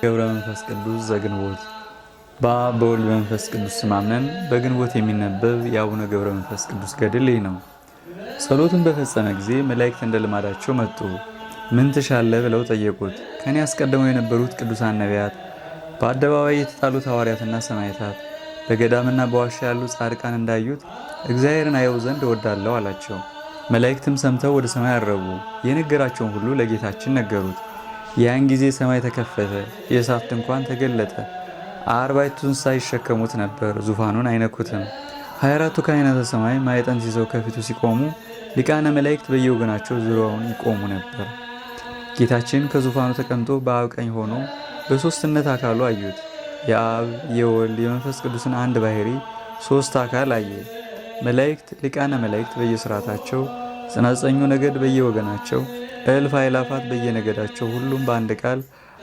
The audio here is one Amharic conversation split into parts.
ገብረ መንፈስ ቅዱስ ዘግንቦት በአብ በወልድ መንፈስ ቅዱስ ስም በግንቦት የሚነበብ የአቡነ ገብረ መንፈስ ቅዱስ ገድል ይህ ነው። ጸሎቱን በፈጸመ ጊዜ መላእክት እንደ ልማዳቸው መጡ። ምን ትሻለ ብለው ጠየቁት። ከኔ አስቀድመው የነበሩት ቅዱሳን ነቢያት፣ በአደባባይ የተጣሉት ሐዋርያትና ሰማዕታት፣ በገዳምና በዋሻ ያሉ ጻድቃን እንዳዩት እግዚአብሔርን አየው ዘንድ እወዳለሁ አላቸው። መላእክትም ሰምተው ወደ ሰማይ አረቡ። የነገራቸውን ሁሉ ለጌታችን ነገሩት። ያን ጊዜ ሰማይ ተከፈተ፣ የእሳት ድንኳን ተገለጠ። አርባይቱን እንስሳ ይሸከሙት ነበር፣ ዙፋኑን አይነኩትም። ሃያ አራቱ ካህናተ ሰማይ ማዕጠንት ይዘው ከፊቱ ሲቆሙ፣ ሊቃነ መላእክት በየወገናቸው ዙሪያውን ይቆሙ ነበር። ጌታችን ከዙፋኑ ተቀምጦ በአብ ቀኝ ሆኖ በሦስትነት አካሉ አዩት። የአብ የወልድ የመንፈስ ቅዱስን አንድ ባህሪ ሦስት አካል አየ። መላእክት ሊቃነ መላእክት በየሥርዓታቸው፣ ጽናጸኙ ነገድ በየወገናቸው እልፍ አይላፋት በየነገዳቸው ሁሉም በአንድ ቃል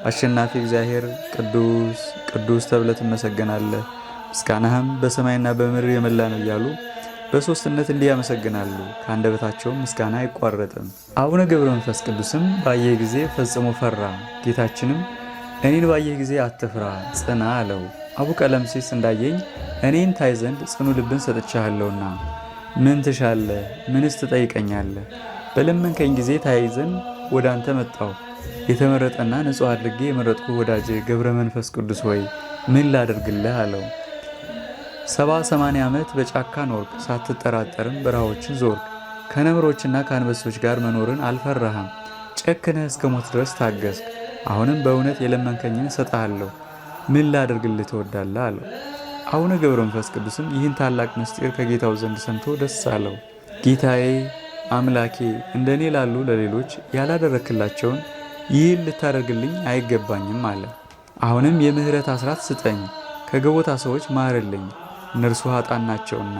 አሸናፊ እግዚአብሔር ቅዱስ ቅዱስ ተብለ ትመሰገናለህ፣ ምስጋናህም በሰማይና በምድር የመላ ነው እያሉ በሦስትነት እንዲህ ያመሰግናሉ። ከአንደበታቸውም ምስጋና አይቋረጥም። አቡነ ገብረ መንፈስ ቅዱስም ባየ ጊዜ ፈጽሞ ፈራ። ጌታችንም እኔን ባየ ጊዜ አትፍራ፣ ጽና አለው። አቡ ቀለምሲስ እንዳየኝ እኔን ታይ ዘንድ ጽኑ ልብን ሰጥቻለሁና ምን ትሻለህ? ምንስ ትጠይቀኛለህ? በለመንከኝ ጊዜ ተያይዘን ወደ አንተ መጣሁ። የተመረጠና ንጹሕ አድርጌ የመረጥኩ ወዳጅ ገብረ መንፈስ ቅዱስ ሆይ ምን ላደርግልህ አለው። ሰባ ሰማንያ ዓመት በጫካ ኖርክ፣ ሳትጠራጠርም በረሃዎችን ዞርክ። ከነብሮችና ከአንበሶች ጋር መኖርን አልፈራህም። ጨክነህ እስከ ሞት ድረስ ታገስክ። አሁንም በእውነት የለመንከኝን እሰጥሃለሁ። ምን ላደርግልህ ትወዳለህ አለው። አቡነ ገብረ መንፈስ ቅዱስም ይህን ታላቅ ምስጢር ከጌታው ዘንድ ሰምቶ ደስ አለው። ጌታዬ አምላኬ እንደ እኔ ላሉ ለሌሎች ያላደረክላቸውን ይህን ልታደርግልኝ አይገባኝም አለ። አሁንም የምህረት አስራት ስጠኝ፣ ከገቦታ ሰዎች ማርልኝ፣ እነርሱ ኃጣን ናቸውና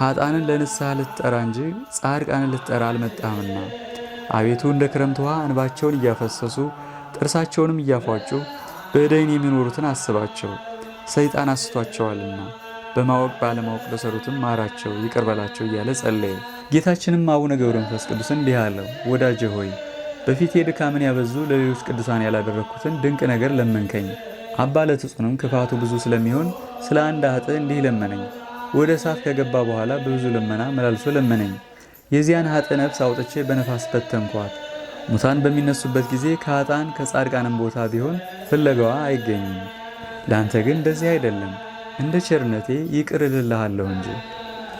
ኃጣንን ለንስሐ ልትጠራ እንጂ ጻድቃንን ልትጠራ አልመጣህምና። አቤቱ እንደ ክረምት ውሃ እንባቸውን እያፈሰሱ ጥርሳቸውንም እያፏጩ በደይን የሚኖሩትን አስባቸው፣ ሰይጣን አስቷቸዋልና በማወቅ ባለማወቅ በሰሩትም ማራቸው፣ ይቅር በላቸው እያለ ጸለየ። ጌታችንም አቡነ ገብረ መንፈስ ቅዱስ እንዲህ አለው፣ ወዳጄ ሆይ በፊቴ ድካምን ያበዙ ለሌሎች ቅዱሳን ያላደረግኩትን ድንቅ ነገር ለመንከኝ። አባ ለትጹንም ክፋቱ ብዙ ስለሚሆን ስለ አንድ አጥ እንዲህ ለመነኝ። ወደ እሳት ከገባ በኋላ በብዙ ልመና መላልሶ ለመነኝ። የዚያን አጥ ነፍስ አውጥቼ በነፋስ በተንኳት። ሙታን በሚነሱበት ጊዜ ከአጣን ከጻድቃንም ቦታ ቢሆን ፍለጋዋ አይገኝም። ለአንተ ግን እንደዚህ አይደለም፣ እንደ ቸርነቴ ይቅር እልልሃለሁ እንጂ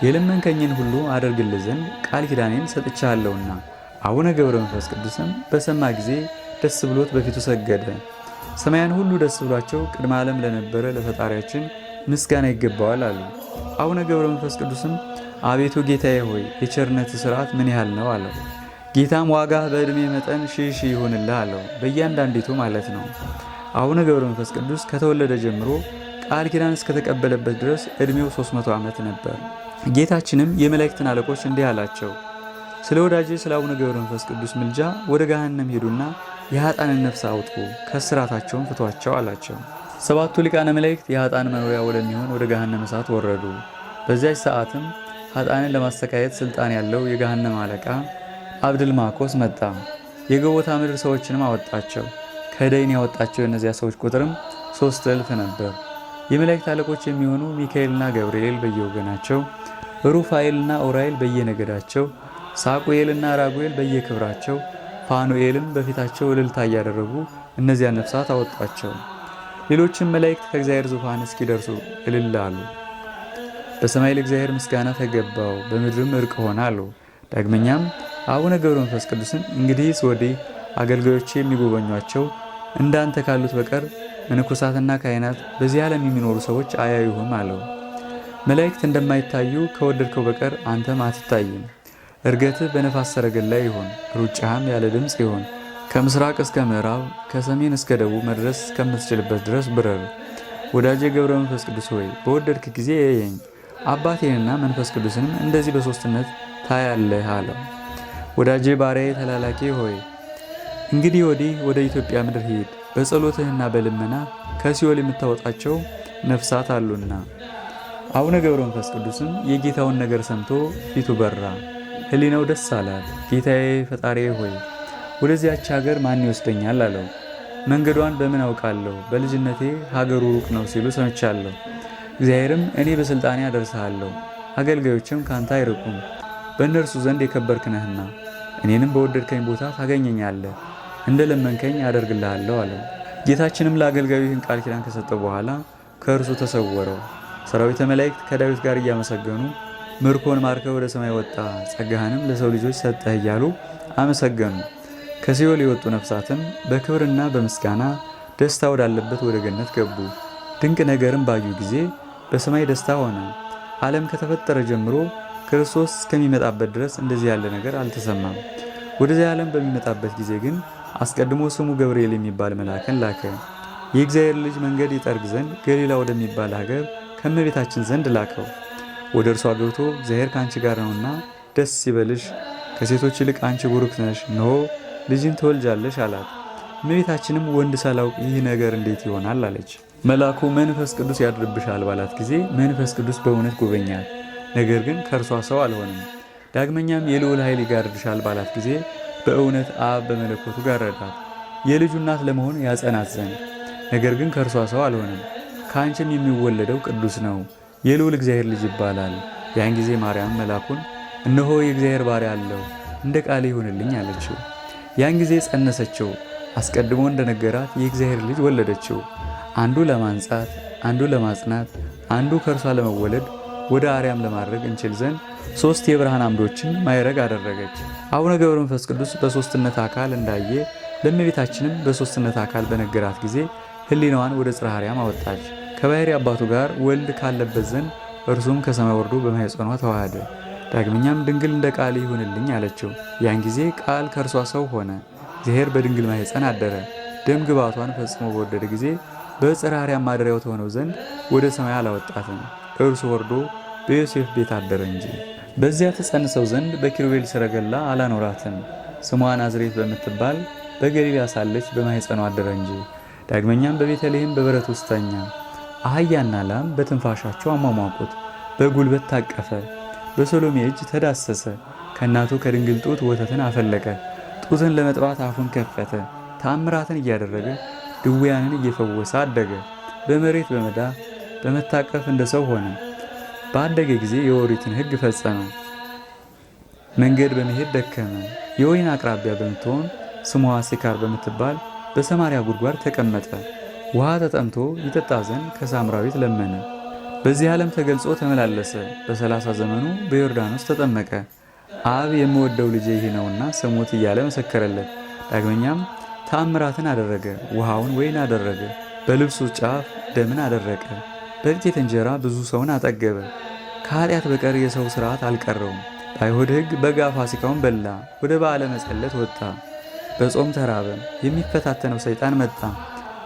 የለመንከኝን ሁሉ አደርግልህ ዘንድ ቃል ኪዳኔን ሰጥቻለሁና። አቡነ ገብረ መንፈስ ቅዱስም በሰማ ጊዜ ደስ ብሎት በፊቱ ሰገደ። ሰማያን ሁሉ ደስ ብሏቸው ቅድመ ዓለም ለነበረ ለፈጣሪያችን ምስጋና ይገባዋል አሉ። አቡነ ገብረ መንፈስ ቅዱስም አቤቱ ጌታዬ ሆይ የቸርነት ስርዓት ምን ያህል ነው አለው። ጌታም ዋጋ በዕድሜ መጠን ሺህ ሺህ ይሁንልህ አለው። በእያንዳንዲቱ ማለት ነው። አቡነ ገብረ መንፈስ ቅዱስ ከተወለደ ጀምሮ ቃል ኪዳን እስከተቀበለበት ድረስ ዕድሜው 300 ዓመት ነበር። ጌታችንም የመላእክትን አለቆች እንዲህ አላቸው፣ ስለ ወዳጄ ስለ አቡነ ገብረ መንፈስ ቅዱስ ምልጃ ወደ ገሃነም ሄዱና የሀጣንን ነፍስ አውጡ ከስራታቸውን ፍቷቸው አላቸው። ሰባቱ ሊቃነ መላእክት የሀጣን መኖሪያ ወደሚሆን ወደ ገሃነም እሳት ወረዱ። በዚያች ሰዓትም ሀጣንን ለማሰቃየት ስልጣን ያለው የገሃነም አለቃ አብድል ማኮስ መጣ። የገቦታ ምድር ሰዎችንም አወጣቸው። ከደይን ያወጣቸው የእነዚያ ሰዎች ቁጥርም ሶስት እልፍ ነበር። የመላእክት አለቆች የሚሆኑ ሚካኤልና ገብርኤል በየወገናቸው ሩፋኤልና ኡራኤል በየነገዳቸው፣ ሳቁኤልና ራጉኤል በየክብራቸው፣ ፋኑኤልም በፊታቸው እልልታ እያደረጉ እነዚያን ነፍሳት አወጧቸው። ሌሎችም መላእክት ከእግዚአብሔር ዙፋን እስኪደርሱ እልል አሉ። በሰማይ ለእግዚአብሔር ምስጋና ተገባው፣ በምድርም እርቅ ሆነ አሉ። ዳግመኛም አቡነ ገብረ መንፈስ ቅዱስን እንግዲህስ ወዲህ አገልጋዮች የሚጎበኟቸው እንዳንተ ካሉት በቀር መነኮሳትና ካህናት በዚህ ዓለም የሚኖሩ ሰዎች አያዩሁም አለው። መላእክት እንደማይታዩ ከወደድከው በቀር አንተም አትታይም። እርገትህ በነፋስ ሰረገላ ይሆን፣ ሩጫህም ያለ ድምፅ ይሆን። ከምስራቅ እስከ ምዕራብ ከሰሜን እስከ ደቡብ መድረስ እስከምትችልበት ድረስ ብረር። ወዳጄ ገብረ መንፈስ ቅዱስ ሆይ በወደድክ ጊዜ የየኝ አባቴንና መንፈስ ቅዱስንም እንደዚህ በሦስትነት ታያለህ አለው። ወዳጄ ባሪያዬ ተላላኪ ሆይ እንግዲህ ወዲህ ወደ ኢትዮጵያ ምድር ሂድ፣ በጸሎትህና በልመና ከሲኦል የምታወጣቸው ነፍሳት አሉና አቡነ ገብረ መንፈስ ቅዱስም የጌታውን ነገር ሰምቶ ፊቱ በራ፣ ህሊናው ደስ አላት። ጌታዬ ፈጣሪ ሆይ ወደዚያች ሀገር ማን ይወስደኛል አለው። መንገዷን በምን አውቃለሁ? በልጅነቴ ሀገሩ ሩቅ ነው ሲሉ ሰምቻለሁ። እግዚአብሔርም እኔ በስልጣኔ አደርሰሃለሁ፣ አገልጋዮችም ካንተ አይርቁም፣ በእነርሱ ዘንድ የከበርክ ነህና እኔንም በወደድከኝ ቦታ ታገኘኛለህ፣ እንደ ለመንከኝ አደርግልሃለሁ አለው። ጌታችንም ለአገልጋዩ ይህን ቃል ኪዳን ከሰጠው በኋላ ከእርሱ ተሰወረው። ሰራዊተ መላእክት ከዳዊት ጋር እያመሰገኑ ምርኮን ማርከ ወደ ሰማይ ወጣ፣ ጸጋህንም ለሰው ልጆች ሰጠህ እያሉ አመሰገኑ። ከሲኦል የወጡ ነፍሳትም በክብርና በምስጋና ደስታ ወዳለበት ወደ ገነት ገቡ። ድንቅ ነገርም ባዩ ጊዜ በሰማይ ደስታ ሆነ። ዓለም ከተፈጠረ ጀምሮ ክርስቶስ እስከሚመጣበት ድረስ እንደዚህ ያለ ነገር አልተሰማም። ወደዚህ ዓለም በሚመጣበት ጊዜ ግን አስቀድሞ ስሙ ገብርኤል የሚባል መልአክን ላከ። የእግዚአብሔር ልጅ መንገድ ይጠርግ ዘንድ ገሊላ ወደሚባል ሀገር ከእመቤታችን ዘንድ ላከው። ወደ እርሷ ገብቶ እግዚአብሔር ከአንቺ ጋር ነውና ደስ ይበልሽ፣ ከሴቶች ይልቅ አንቺ ቡሩክ ነሽ፣ እነሆ ልጅን ትወልጃለሽ አላት። እመቤታችንም ወንድ ሳላውቅ ይህ ነገር እንዴት ይሆናል አለች። መልአኩ መንፈስ ቅዱስ ያድርብሻል ባላት ጊዜ መንፈስ ቅዱስ በእውነት ጎበኛል፣ ነገር ግን ከእርሷ ሰው አልሆንም። ዳግመኛም የልዑል ኃይል ይጋርድሻል ባላት ጊዜ በእውነት አብ በመለኮቱ ጋረዳት፣ የልጁ እናት ለመሆን ያጸናት ዘንድ ነገር ግን ከእርሷ ሰው አልሆንም። ከአንቺም የሚወለደው ቅዱስ ነው የልዑል እግዚአብሔር ልጅ ይባላል። ያን ጊዜ ማርያም መልአኩን እነሆ የእግዚአብሔር ባሪያ አለው እንደ ቃል ይሁንልኝ አለችው። ያን ጊዜ ጸነሰችው፣ አስቀድሞ እንደነገራት የእግዚአብሔር ልጅ ወለደችው። አንዱ ለማንጻት፣ አንዱ ለማጽናት፣ አንዱ ከእርሷ ለመወለድ ወደ አርያም ለማድረግ እንችል ዘንድ ሶስት የብርሃን አምዶችን ማይረግ አደረገች። አቡነ ገብረ መንፈስ ቅዱስ በሦስትነት አካል እንዳየ ለእመቤታችንም በሦስትነት አካል በነገራት ጊዜ ህሊናዋን ወደ ጽርሐ አርያም አወጣች። ከባሕሪ አባቱ ጋር ወልድ ካለበት ዘንድ እርሱም ከሰማይ ወርዶ በማኅፀኗ ተዋሃደ። ዳግመኛም ድንግል እንደ ቃል ይሁንልኝ አለችው። ያን ጊዜ ቃል ከእርሷ ሰው ሆነ፣ እግዚአብሔር በድንግል ማኅፀን አደረ። ደም ግባቷን ፈጽሞ በወደደ ጊዜ በጽርሐ አርያም ማደሪያው ተሆነው ዘንድ ወደ ሰማይ አላወጣትም፣ እርሱ ወርዶ በዮሴፍ ቤት አደረ እንጂ። በዚያ ተጸንሰው ዘንድ በኪሩቤል ሰረገላ አላኖራትም፣ ስሟ ናዝሬት በምትባል በገሊላ ሳለች በማኅፀኗ አደረ እንጂ። ዳግመኛም በቤተልሔም በበረት ውስጥ ተኛ። አህያና ላም በትንፋሻቸው አሟሟቁት። በጉልበት ታቀፈ፣ በሰሎሜ እጅ ተዳሰሰ። ከእናቱ ከድንግል ጡት ወተትን አፈለቀ። ጡትን ለመጥባት አፉን ከፈተ። ታምራትን እያደረገ ድውያንን እየፈወሰ አደገ። በመሬት በመዳ በመታቀፍ እንደ ሰው ሆነ። ባደገ ጊዜ የኦሪትን ሕግ ፈጸመው። መንገድ በመሄድ ደከመ። የወይን አቅራቢያ በምትሆን ስሟ ሲካር በምትባል በሰማርያ ጉድጓድ ተቀመጠ። ውሃ ተጠምቶ ይጠጣ ዘንድ ከሳምራዊት ለመነ። በዚህ ዓለም ተገልጾ ተመላለሰ። በሰላሳ ዘመኑ በዮርዳኖስ ተጠመቀ። አብ የምወደው ልጄ ይህ ነውና ስሙት እያለ መሰከረለት። ዳግመኛም ተአምራትን አደረገ። ውሃውን ወይን አደረገ። በልብሱ ጫፍ ደምን አደረቀ። በጥቂት እንጀራ ብዙ ሰውን አጠገበ። ከኃጢአት በቀር የሰው ሥርዓት አልቀረውም። በአይሁድ ሕግ በጋ ፋሲካውን በላ። ወደ በዓለ መጸለት ወጣ። በጾም ተራበ የሚፈታተነው ሰይጣን መጣ።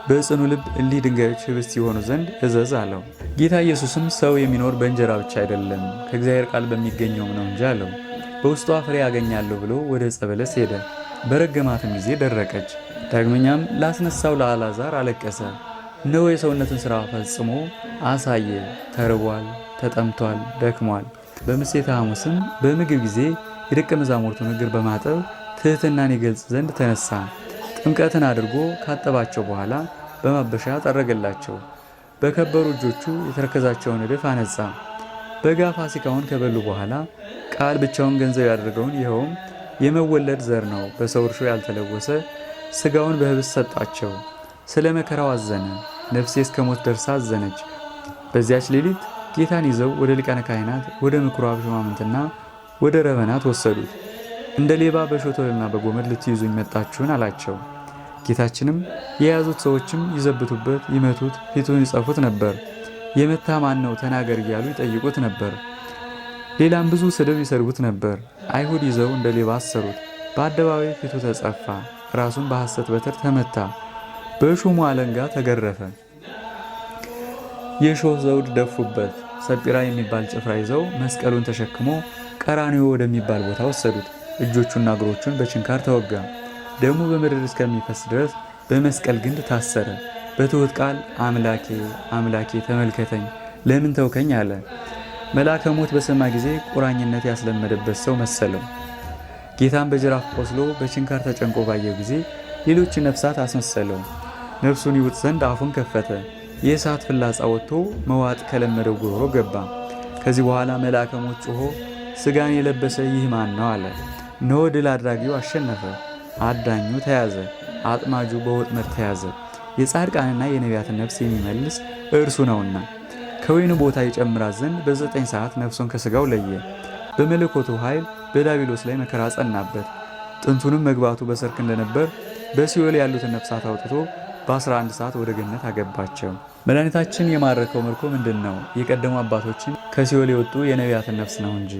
በጽኑ ልብ እሊህ ድንጋዮች ህብስት የሆኑ ዘንድ እዘዝ አለው። ጌታ ኢየሱስም ሰው የሚኖር በእንጀራ ብቻ አይደለም ከእግዚአብሔር ቃል በሚገኘውም ነው እንጂ አለው። በውስጧ ፍሬ ያገኛለሁ ብሎ ወደ ዕፀ በለስ ሄደ። በረገማትም ጊዜ ደረቀች። ዳግመኛም ላስነሳው ለአልዓዛር አለቀሰ። እነሆ የሰውነትን ሥራ ፈጽሞ አሳየ። ተርቧል፣ ተጠምቷል፣ ደክሟል። በምሴተ ሐሙስም በምግብ ጊዜ የደቀ መዛሙርቱን እግር በማጠብ ትህትናን ይገልጽ ዘንድ ተነሳ። ጥምቀትን አድርጎ ካጠባቸው በኋላ በማበሻ ጠረገላቸው። በከበሩ እጆቹ የተረከዛቸውን እድፍ አነጻ። በጋ ፋሲካውን ከበሉ በኋላ ቃል ብቻውን ገንዘብ ያደርገውን ይኸውም የመወለድ ዘር ነው፣ በሰው እርሾ ያልተለወሰ ስጋውን በህብስ ሰጣቸው። ስለ መከራው አዘነ። ነፍሴ እስከ ሞት ደርሳ አዘነች። በዚያች ሌሊት ጌታን ይዘው ወደ ሊቃነ ካህናት ወደ ምኩራብ ሹማምንትና ወደ ረበናት ወሰዱት። እንደ ሌባ በሾተልና በጎመድ ልትይዙኝ መጣችሁን አላቸው። ጌታችንም የያዙት ሰዎችም ይዘብቱበት፣ ይመቱት፣ ፊቱን ይጸፉት ነበር። የመታ ማን ነው ተናገር እያሉ ይጠይቁት ነበር። ሌላም ብዙ ስድብ ይሰድቡት ነበር። አይሁድ ይዘው እንደ ሌባ አሰሩት። በአደባባይ ፊቱ ተጸፋ፣ ራሱን በሐሰት በትር ተመታ፣ በሹሙ አለንጋ ተገረፈ። የሾህ ዘውድ ደፉበት። ሰጲራ የሚባል ጭፍራ ይዘው መስቀሉን ተሸክሞ ቀራኒዮ ወደሚባል ቦታ ወሰዱት። እጆቹና እግሮቹን በችንካር ተወጋ። ደሙ በምድር እስከሚፈስ ድረስ በመስቀል ግንድ ታሰረ። በትሁት ቃል አምላኬ አምላኬ ተመልከተኝ ለምን ተውከኝ አለ። መልአከ ሞት በሰማ ጊዜ ቁራኝነት ያስለመደበት ሰው መሰለው። ጌታን በጅራፍ ቆስሎ በችንካር ተጨንቆ ባየው ጊዜ ሌሎች ነፍሳት አስመሰለው። ነፍሱን ይውጥ ዘንድ አፉን ከፈተ። የእሳት ፍላጻ ወጥቶ መዋጥ ከለመደው ጉሮሮ ገባ። ከዚህ በኋላ መልአከ ሞት ጮሆ ስጋን የለበሰ ይህ ማን ነው አለ። ኖ ድል አድራጊው አሸነፈ፣ አዳኙ ተያዘ፣ አጥማጁ በወጥመድ ተያዘ። የጻድቃንና የነቢያትን ነፍስ የሚመልስ እርሱ ነውና ከወይኑ ቦታ ይጨምራት ዘንድ በዘጠኝ ሰዓት ነፍሱን ከሥጋው ለየ። በመለኮቱ ኃይል በዳቢሎስ ላይ መከራ ጸናበት። ጥንቱንም መግባቱ በሰርክ እንደነበር በሲኦል ያሉትን ነፍሳት አውጥቶ በ11 ሰዓት ወደ ገነት አገባቸው። መድኃኒታችን የማረከው ምርኮ ምንድን ነው? የቀደሙ አባቶችን ከሲኦል የወጡ የነቢያትን ነፍስ ነው እንጂ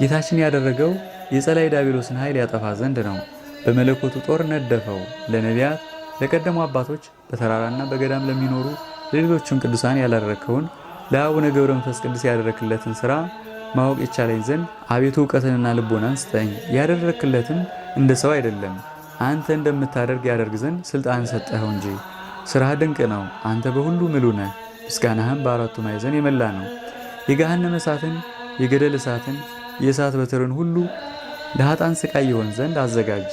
ጌታችን ያደረገው የጸላይ ዲያብሎስን ኃይል ያጠፋ ዘንድ ነው። በመለኮቱ ጦር ነደፈው። ለነቢያት ለቀደሙ አባቶች በተራራና በገዳም ለሚኖሩ ለሌሎችም ቅዱሳን ያላደረከውን ለአቡነ ገብረ መንፈስ ቅዱስ ያደረክለትን ሥራ ማወቅ ይቻለኝ ዘንድ አቤቱ እውቀትንና ልቦናን ስጠኝ። ያደረክለትን እንደ ሰው አይደለም፣ አንተ እንደምታደርግ ያደርግ ዘንድ ስልጣን ሰጠኸው እንጂ። ሥራህ ድንቅ ነው። አንተ በሁሉ ምሉ ነህ። ምስጋናህም በአራቱ ማዕዘን የመላ ነው። የገሃነመ እሳትን፣ የገደል እሳትን፣ የእሳት በትርን ሁሉ ለኃጥኣን ሥቃይ ይሆን ዘንድ አዘጋጀ።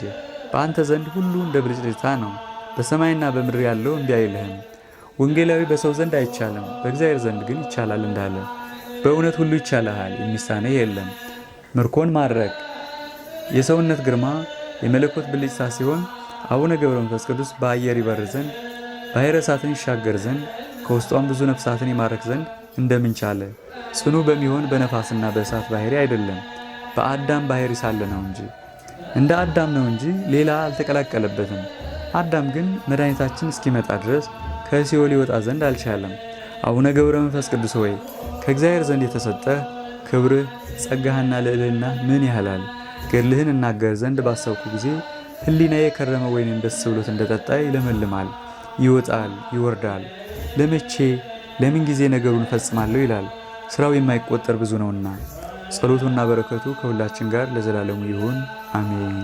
በአንተ ዘንድ ሁሉ እንደ ብልጭልጭታ ነው። በሰማይና በምድር ያለው እንዲህ አይልህም። ወንጌላዊ በሰው ዘንድ አይቻልም፣ በእግዚአብሔር ዘንድ ግን ይቻላል እንዳለ በእውነት ሁሉ ይቻልሃል፣ የሚሳነህ የለም። ምርኮን ማድረግ የሰውነት ግርማ የመለኮት ብልጭታ ሲሆን አቡነ ገብረ መንፈስ ቅዱስ በአየር ይበር ዘንድ ባሕረ እሳትን ይሻገር ዘንድ ከውስጧም ብዙ ነፍሳትን ይማረክ ዘንድ እንደምንቻለ ጽኑ በሚሆን በነፋስና በእሳት ባሕሪ አይደለም። በአዳም ባህሪ ሳለ ነው እንጂ እንደ አዳም ነው እንጂ ሌላ አልተቀላቀለበትም። አዳም ግን መድኃኒታችን እስኪመጣ ድረስ ከሲኦል ይወጣ ዘንድ አልቻለም። አቡነ ገብረ መንፈስ ቅዱስ ሆይ ከእግዚአብሔር ዘንድ የተሰጠህ ክብርህ ጸጋህና ልዕልና ምን ያህላል! ገድልህን እናገር ዘንድ ባሰብኩ ጊዜ ህሊና የከረመ ወይንም ደስ ብሎት እንደጠጣ ይለመልማል፣ ይወጣል፣ ይወርዳል። ለመቼ ለምን ጊዜ ነገሩን ፈጽማለሁ ይላል። ስራው የማይቆጠር ብዙ ነውና ጸሎቱና በረከቱ ከሁላችን ጋር ለዘላለሙ ይሁን አሜን።